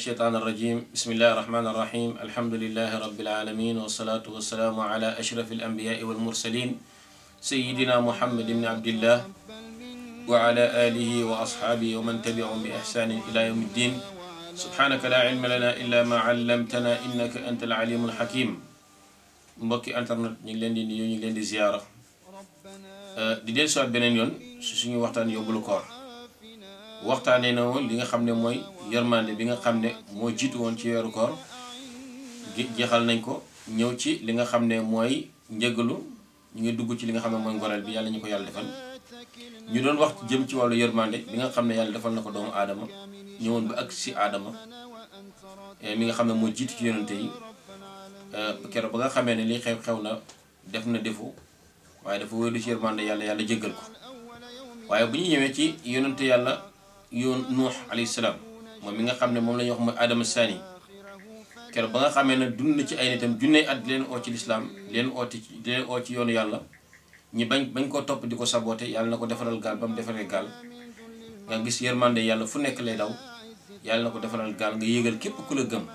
الشيطان الرجيم بسم الله الرحمن الرحيم الحمد لله رب العالمين والصلاة والسلام على أشرف الأنبياء والمرسلين سيدنا محمد بن عبد الله وعلى آله وأصحابه ومن تبعهم بإحسان إلى يوم الدين سبحانك لا علم لنا إلا ما علمتنا إنك أنت العليم الحكيم مبكي internet ñu ngi leen di دي زيارة دي دي سواء ziyaara di dellusiwaat beneen yoon waxtaanee na woon li nga xam ne mooy yërmande bi nga xam ne moo jiitu woon ci weeru koor jeexal nañ ko ñëw ci li nga xam ne mooy njëgalu ñu ngi dugg ci li nga xam ne mooy ngoreel bi yàlla ñu ko yàlla defal doon wax jëm ci wàllu yërmande bi nga xam ne yàlla defal na ko doomu aadama ñëwoon ba ak si aadama eh, mi nga xam ne moo jiitu ci yonante yi eh, keroog ba nga xam ne lii xew xew na def na defu waaye dafa wéeru ci yërmande yàlla yàlla jéggal ko waaye bu ñu ñëwee ci yonante yàlla yoon nuux alayhi salaam moom mi nga xam ne moom la ñuy wax mooy Adama Sani keroog ba nga xamee ne dund na ci ay nitam junne at di leen oo ci lislaam di leen oo ci di ci yoonu yàlla ñi bañ bañ koo topp di ko saboté yàlla na ko defaral gaal ba mu defaree gaal nga gis yërmande yàlla fu nekk lay daw yàlla na ko defaral gaal nga yéegal képp ku la gëm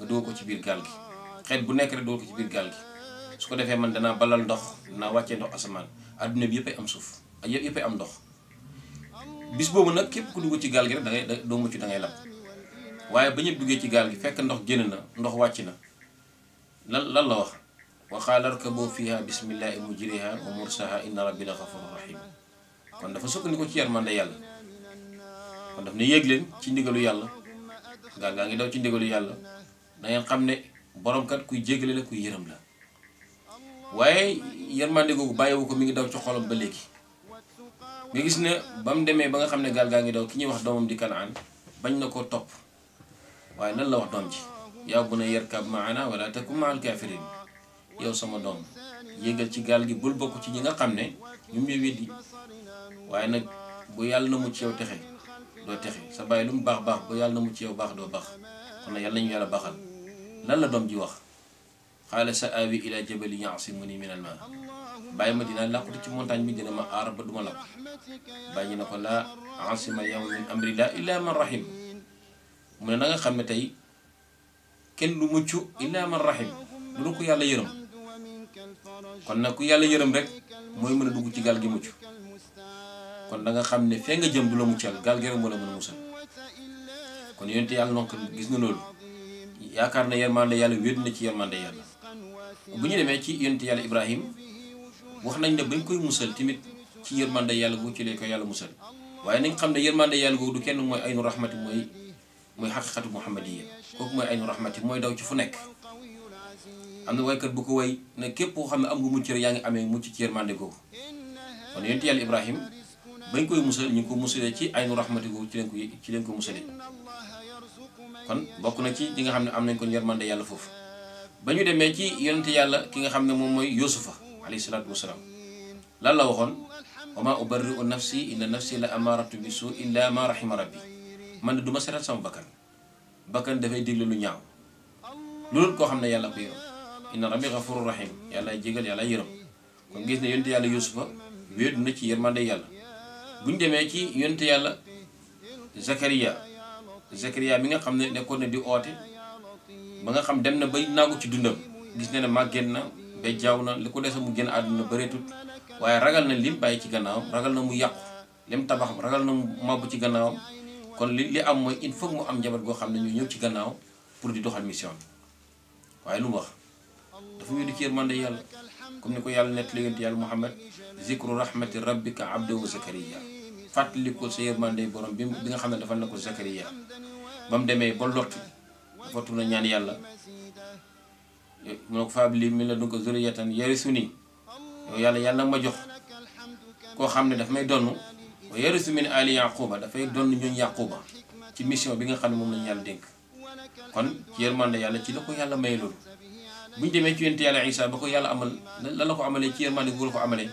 nga dugal ko ci biir gaal gi xeet bu nekk rek dugal ko ci biir gaal gi su ko defee man danaa balal ndox danaa wàccee asamaan adduna yëpp ay am suuf ak yëpp am ndox bis bobu nak kep ku duggu ci gal gi rek da ngay mu ci da ngay lab waye ba ñëpp duggee ci gal gi fekk ndox génn na ndox wacc na lan lan la wax wa qaala arkabuu bismillahi mujriha wa mursaha inna rabbi ghafurur rahim kon dafa sukkandiku ci yërmande yalla kon dafa ne yegg leen ci ndigalu yalla ga nga ngi daw ci ndigalu yalla da ngay xamne ne borom kat kuy jéggelé la kuy yërëm la waye yermande gogu bàyyiwu mi ngi daw ci xolam ba légui nga gis ne ba mu demee ba nga xam ne gaal gaa ngi daw ki ñuy wax doomam di kanaan bañ na koo topp waaye lan la wax doom ji yaa bunayya irkab maana wala takun ma'al kaafiriin yow sama doom yéegal ci gaal gi bul bokk ci ñi nga xam ne ñu ngi weddi waaye nag bu yàlla na mu ci yow texe doo texe sa bàyyi lu mu baax baax bu yàlla na mu ci yow baax doo baax kon nag yàlla nañu yàlla baaxal lan la doom ji wax qaala sa aawi ila jabali ya'simuni min al-maa bàyyi ma dinaa làqatu ci montagne bi dina ma aar ba duma làqu bàyyi na ko laa asima yawma min amrillah illa man rahim mu ne na nga xam ne tey kenn lu mucc illa man rahim lu ko yàlla yërëm kon nag ku yàlla yërëm rek mooy mën a dugg ci gaal gi mucc kon da nga xam ne fee nga jëm du la muccal gaal gi rek moo mën a musal kon yonente yàlla donc gis nga loolu yaakaar na yermande yàlla wéet na ci yermande yàlla bu ñu demee ci yonent yàlla Ibrahim wax nañ ne bañ koy musal tamit ci yërmande yàlla googu ci lay ko yàlla musal waaye nañ xam ne yërmande yàlla googu du kenn mooy aynu rahmati mooy mooy xaqiqatu muhammadiya kooku mooy aynu rahmati mooy daw ci fu nekk am na waykat bu ko way ne képp koo xam ne am nga mucc yaa ngi amee mucc ci yërmande googu kon yonent Ibrahim bañ koy musal ñu ko musalee ci aynu rahmati googu ci leen ko ci leen ko musalee kon bokk na ci li nga xam ne am nañ ko yërmande yàlla foofu ba ñu demee ci yonent yàlla ki nga xam ne moom mooy yusufa alayhi salaatu wasalaam lan la waxoon wa maa ubarri'u nafsi inna nafsi la amaaratu bi suu illa ma rahima rabbi man du ma seetal sama bakkan bakkan dafay digle lu ñaaw loolu koo xam ne yàlla ko yërëm inna rabbi ghafurur yàlla jégal yàlla yërëm kon gis ne yonent yàlla yusufa wéedu na ci yërmande yàlla buñ demee ci yonent yàlla zakariya zakariya mi nga xam ne nekkoon na di oote ba nga xam dem na ba naagu ci dundam gis ne ne màgget na ba jaaw na li ko dese mu génn àdduna bëreetut waaye ragal na lim bàyyi ci gannaaw ragal na mu yàqu lim tabaxam ragal na mu màbb ci gannaawam kon li li am mooy il faut mu am njaboot goo xam ne ñu ñëw ci gannaaw pour di doxal mission bi waaye lu mu wax dafa wéedu ci yërmande yàlla comme ni ko yàlla nettali yonent yàlla Muhammad zikru rahmati rabbika abdahu zakariya fàttali ko sa yërmande borom bi bi nga xam ne na ko zakariya ba mu demee ba lott dafa tuub na ñaan yàlla mu ne ko fab li min ladunka zurriyatan yarisuni yow yàlla yàlla ma jox koo xam ne daf may donn wa yarisu min ali yaquba dafay donn ñooñ yaquba ci mission bi nga xam ne moom lañu yàlla dénk kon ci yërmande yàlla ci la ko yàlla may loolu bu ñu demee ci yonent yàlla Isa ba ko yàlla amal la la ko amalee ci yërmande gu la ko amalee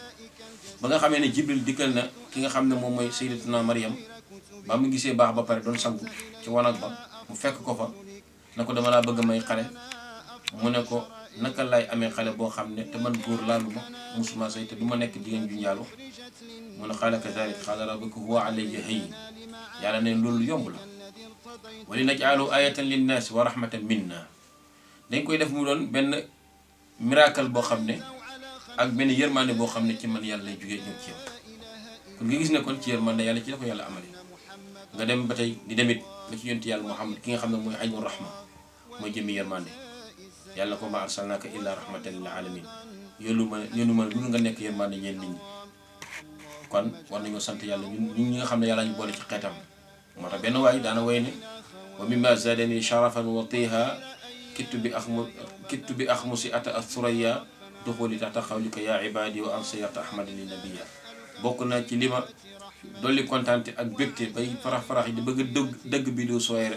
ba nga xamee ne jibril dikkal na ki nga xam ne moom mooy sayyidatuna Maryam ba mu gisee baax ba pare doon sangu ci na ko dama laa bëgg may xale mu ne ko naka laay amee xale boo xam ne te man góor laaluma musuma say te du ma nekk jigéen ju njaalu mu ne xaala kazalik xaala rabbuka huwa alayya hayyin yàlla ne loolu yomb la wa linaj'alahu ayatan linnaasi wa rahmatan minna dañ koy def mu doon benn miracle boo xam ne ak benn yërmande boo xam ne ci man yàlla lay jugee ñëw ci yow kon nga gis ne kon ci man yërmande yàlla ci la yàlla amale nga dem ba tey di demit ba ci yonti yàlla muhammad ki nga xam ne mooy aynu rahma mooy jëmmi yërmande yàlla ko ma arsalnaka illa rahmatan lil alamin yoonu ma yoonu ma lu nga nekk yërmande ñeen nit ñi kon war nañoo sant yàlla ñun ñi nga xam ne yàlla ñu boole ci xeetam moo tax benn waay daana way ne wa mimma zadani sharafan wa tiha kittu bi axmu kittu bi mu si at ak suraya duxuli taxta xawlika yaa ibadi wa ansiyata ahmada li nabiya bokk na ci lima dolli kontaante ak bégte bay farax-farax yi di bëgg dëgg dëgg bi du sooy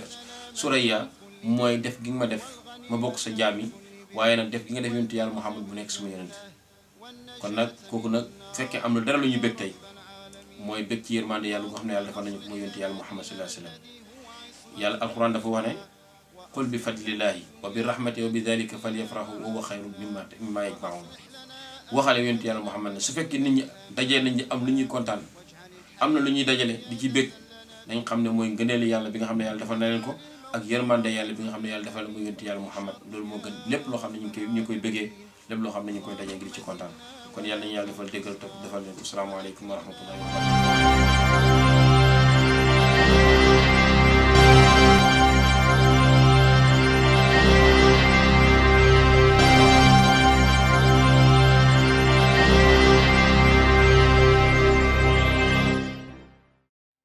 Suraya mooy def gi ma def ma bokk sa jaam yi waaye nag def gi nga def yonent yàlla Muhammad bu nekk suma yonent kon nag kooku nag fekkee am na dara lu ñu bég tey mooy bég ci yërmande yàlla boo xam ne yàlla defal nañu ko mooy yonent yàlla Muhammad sallallahu alayhi wa sallam yàlla alquran dafa wax ne qul bi fadlillahi wa bi rahmati wa bi dalika falyafrahu wa huwa xayru mimma yajmaun waxale yonent yàlla Muhammad ne su fekkee nit ñi dajee nit ñi am lu ñuy kontaan am na lu ñuy dajale di ci bég dañ xam ne mooy ngëneelu yàlla bi nga xam ne yàlla defal na leen ko ak yërmande yàlla bi nga xam ne yàlla defal na ko yonent yàlla Muhammad loolu moo gën lépp loo xam ne ñu koy ñu koy bégee lépp loo xam ne ñu koy dajee ngir ci kontaan kon yàlla nañu yàlla defal déggal topp defal leen asalaamaaleykum wa rahmatullahi wa barakatuh